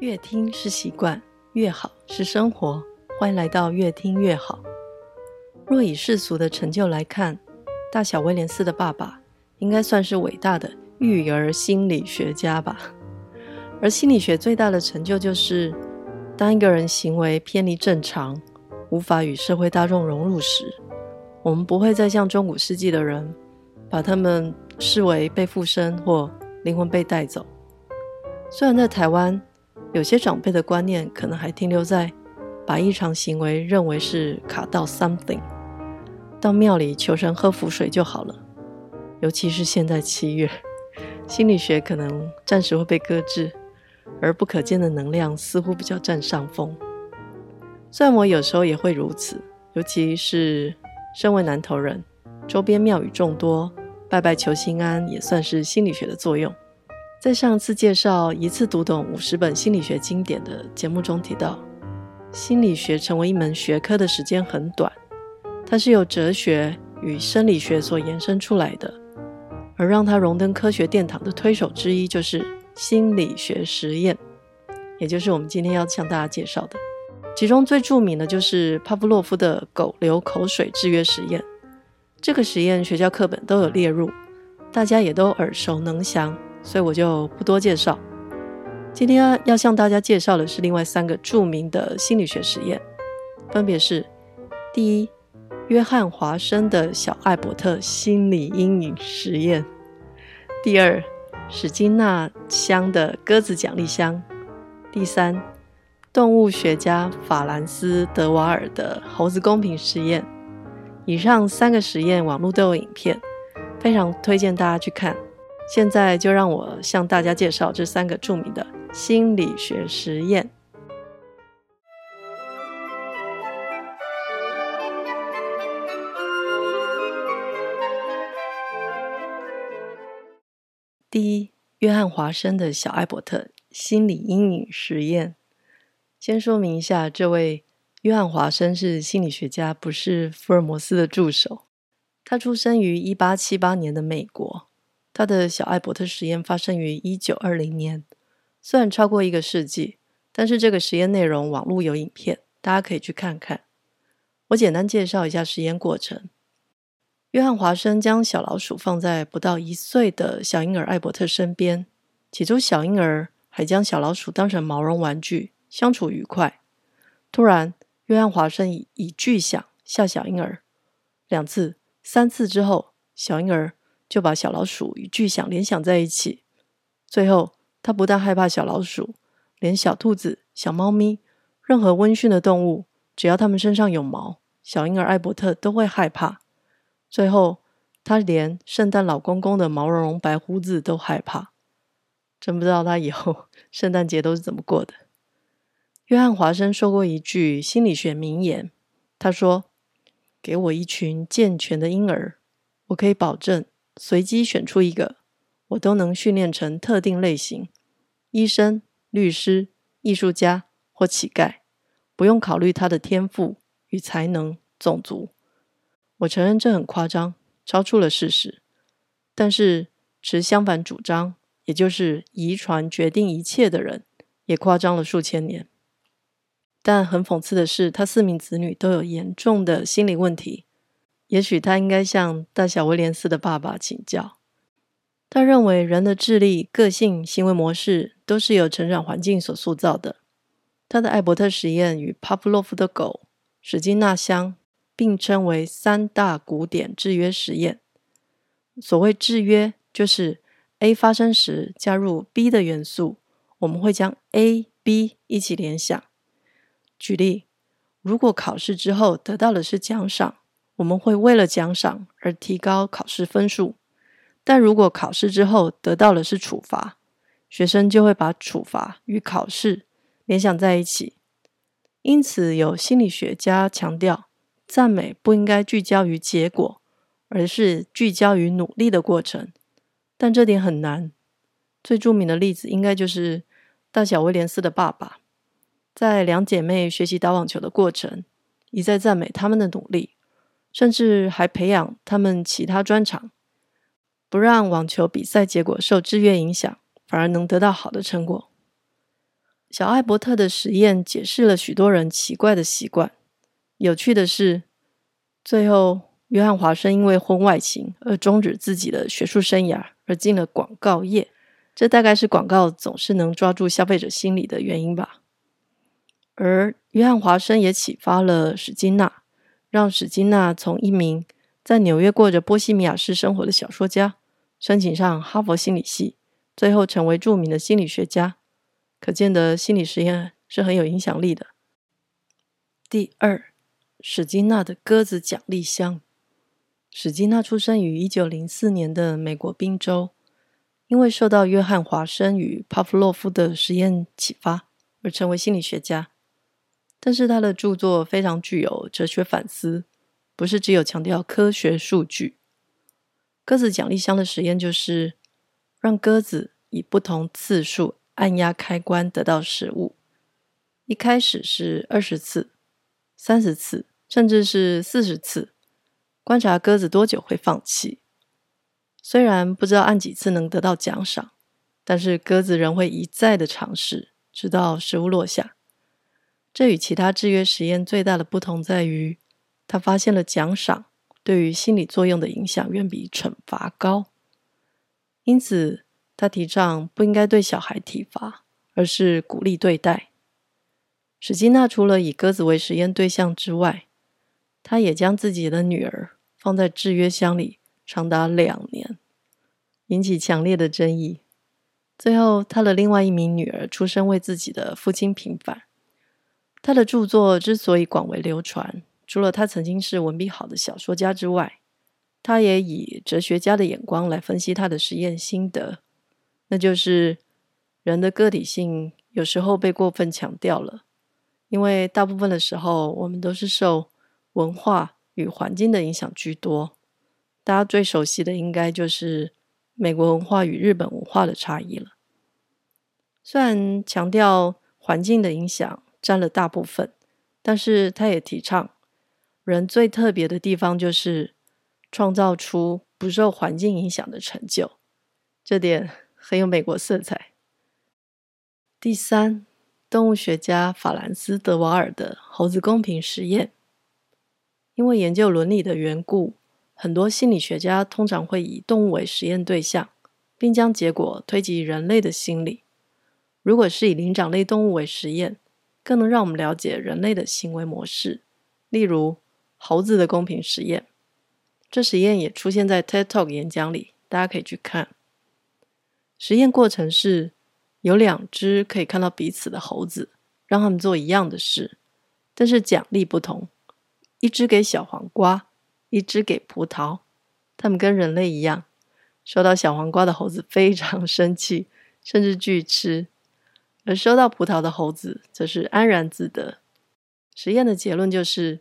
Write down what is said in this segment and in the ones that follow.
越聽是習慣，越好是生活。歡迎來到越聽越好。若以世俗的成就來看，大小威廉斯的爸爸應該算是偉大的育兒心理學家吧。而心理學最大的成就就是，當一個人行為偏離正常，無法與社會大眾融入時，我們不會再像中古世紀的人，把他們視為被附身或靈魂被帶走。雖然在台灣，有些長輩的觀念可能還停留在，把異常行為認為是卡到 something，到廟裡求神喝符水就好了。尤其是現在七月，心理學可能暫時會被擱置，而不可見的能量似乎比較占上風。雖然我有時候也會如此，尤其是身為南投人，周邊廟宇眾多，拜拜求心安也算是心理學的作用。在上次介紹一次讀懂50本心理學經典的節目中提到，心理學成為一門學科的時間很短，它是由哲學與生理學所延伸出來的，而讓它榮登科學殿堂的推手之一就是心理學實驗，也就是我們今天要向大家介紹的，其中最著名的就是帕夫洛夫的狗流口水制約實驗。這個實驗學校課本都有列入，大家也都耳熟能詳。所以我就不多介紹。今天要向大家介紹的是另外三個著名的心理學實驗，分別是：第一，約翰·華生的小艾伯特心理陰影實驗；第二，史金納箱的鴿子獎勵箱；第三，動物學家法蘭斯·德瓦爾的猴子公平實驗。以上三個實驗網絡都有影片，非常推薦大家去看。現在就讓我向大家介紹這三個著名的心理學實驗。第一，約翰·華生的小艾伯特心理陰影實驗。先說明一下，這位約翰·華生是心理學家，不是福爾摩斯的助手。他出生於一八七八年的美國。他的小艾伯特實驗發生於一九二零年，雖然超過一個世紀，但是這個實驗內容網絡有影片，大家可以去看看。我簡單介紹一下實驗過程：約翰·華生將小老鼠放在不到一歲的小嬰兒艾伯特身邊，起初小嬰兒還將小老鼠當成毛絨玩具，相處愉快。突然，約翰·華生以巨響嚇小嬰兒，兩次、三次之後，小嬰兒。就把小老鼠與巨響聯想在一起。最後，他不但害怕小老鼠，連小兔子、小貓咪，任何溫馴的動物，只要它們身上有毛，小嬰兒艾伯特都會害怕。最後，他連聖誕老公公的毛茸茸白鬍子都害怕。真不知道他以後聖誕節都是怎麼過的。約翰·華生說過一句心理學名言。他說：「給我一群健全的嬰兒，我可以保證，隨機選出一個，我都能訓練成特定類型：醫生、律師、藝術家或乞丐，不用考慮他的天賦與才能、種族。我承認這很誇張，超出了事實。但是持相反主張，也就是遺傳決定一切的人，也誇張了數千年。但很諷刺的是，他四名子女都有嚴重的心理問題。也許他應該向大小威廉斯的爸爸請教。他認為人的智力、個性、行為模式都是由成長環境所塑造的。他的艾伯特實驗與帕夫洛夫的狗、史金納箱並稱為三大古典制約實驗。所謂制約，就是 A 發生時加入 B 的元素，我們會將 A、B 一起聯想。舉例，如果考試之後得到的是獎賞。我們會為了獎賞而提高考試分數，但如果考試之後得到的是處罰，學生就會把處罰與考試聯想在一起。因此，有心理學家強調，讚美不應該聚焦於結果，而是聚焦於努力的過程。但這點很難。最著名的例子應該就是大小威廉斯的爸爸，在兩姐妹學習打網球的過程，一再讚美他們的努力。甚至還培養他們其他專長，不讓網球比賽結果受制約影響，反而能得到好的成果。小艾伯特的實驗解釋了許多人奇怪的習慣。有趣的是，最後約翰·華生因為婚外情而終止自己的學術生涯，而進了廣告業。這大概是廣告總是能抓住消費者心理的原因吧。而約翰·華生也啟發了史金納。讓史金納從一名在紐約過着波西米亞式生活的小說家，申請上哈佛心理系，最後成為著名的心理學家。可見得心理實驗是很有影響力的。第二，史金納的鴿子獎勵箱。史金納出生於一九零四年的美國賓州，因為受到約翰·華生與帕夫洛夫的實驗啟發，而成為心理學家。但是他的著作非常具有哲學反思，不是只有強調科學數據。鴿子獎勵箱的實驗就是讓鴿子以不同次數按壓開關得到食物，一開始是二十次、三十次，甚至是四十次，觀察鴿子多久會放棄。雖然不知道按幾次能得到獎賞，但是鴿子仍會一再的嘗試，直到食物落下。這與其他制約實驗最大的不同在於，他發現了獎賞對於心理作用的影響遠比懲罰高，因此他提倡不應該對小孩體罰，而是鼓勵對待。史金納除了以鴿子為實驗對象之外，他也將自己的女兒放在制約箱裡長達兩年，引起強烈的爭議。最後，他的另外一名女兒出生為自己的父親平反。他的著作之所以廣為流傳，除了他曾經是文筆好的小說家之外，他也以哲學家的眼光來分析他的實驗心得，那就是人的個體性有時候被過分強調了，因為大部分的時候我們都是受文化與環境的影響居多。大家最熟悉的應該就是美國文化與日本文化的差異了。雖然強調環境的影響，佔了大部分，但是他也提倡，人最特別的地方就是創造出不受環境影響的成就，這點很有美國色彩。第三，動物學家法蘭斯·德瓦爾的猴子公平實驗，因為研究倫理的緣故，很多心理學家通常會以動物為實驗對象，並將結果推及人類的心理。如果是以靈長類動物為實驗，更能讓我們了解人類的行為模式，例如猴子的公平實驗。這實驗也出現在 TED Talk 演講裡，大家可以去看。實驗過程是有兩隻可以看到彼此的猴子，讓他們做一樣的事，但是獎勵不同，一隻給小黃瓜，一隻給葡萄。他們跟人類一樣，收到小黃瓜的猴子非常生氣，甚至拒吃。而收到葡萄的猴子則是安然自得。實驗的結論就是，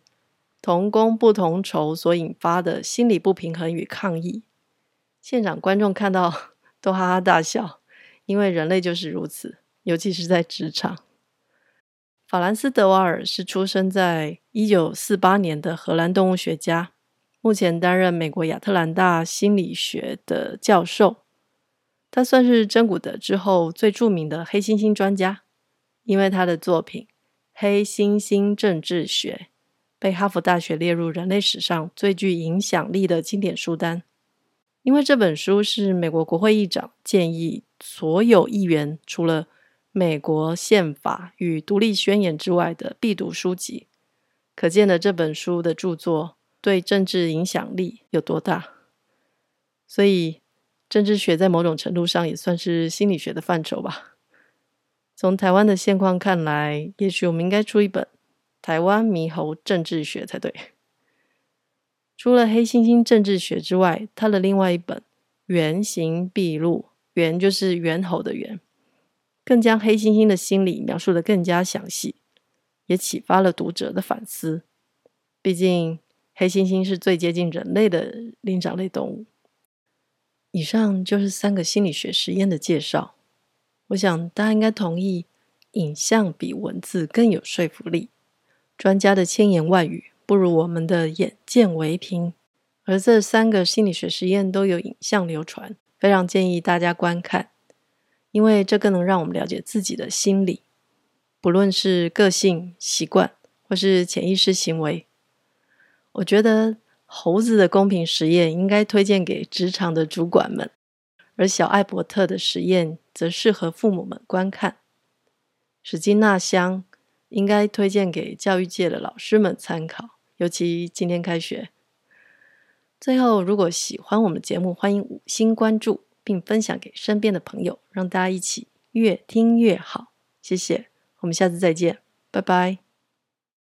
同工不同酬所引發的心理不平衡與抗議。現場觀眾看到都哈哈大笑，因為人類就是如此，尤其是在職場。法蘭斯·德瓦爾是出生在一九四八年的荷蘭動物學家，目前擔任美國亞特蘭大心理學的教授。他算是珍古德之後最著名的黑猩猩專家，因為他的作品《黑猩猩政治學》被哈佛大學列入人類史上最具影響力的經典書單。因為這本書是美國國會議長建議所有議員，除了美國憲法與獨立宣言之外的必讀書籍，可見得這本書的著作對政治影響力有多大。所以。政治學在某種程度上也算是心理學的範疇吧。從台灣的現況看來，也許我們應該出一本《台灣獼猴政治學》才對。除了《黑猩猩政治學》之外，他的另外一本《猿形畢露》（猿就是猿猴的猿），更將黑猩猩的心理描述得更加詳細，也啟發了讀者的反思。畢竟，黑猩猩是最接近人類的靈長類動物。以上就是三個心理學實驗的介紹，我想大家應該同意，影像比文字更有說服力。專家的千言萬語不如我們的眼見為憑，而這三個心理學實驗都有影像流傳，非常建議大家觀看，因為這更能讓我們了解自己的心理，不論是個性、習慣或是潛意識行為。我覺得。猴子的公平實驗應該推薦給職場的主管們，而小艾伯特的實驗則適合父母們觀看。史金納箱應該推薦給教育界的老師們參考，尤其今天開學。最後，如果喜歡我們的節目，歡迎五星關注，並分享給身邊的朋友，讓大家一起越聽越好。謝謝，我們下次再見，拜拜。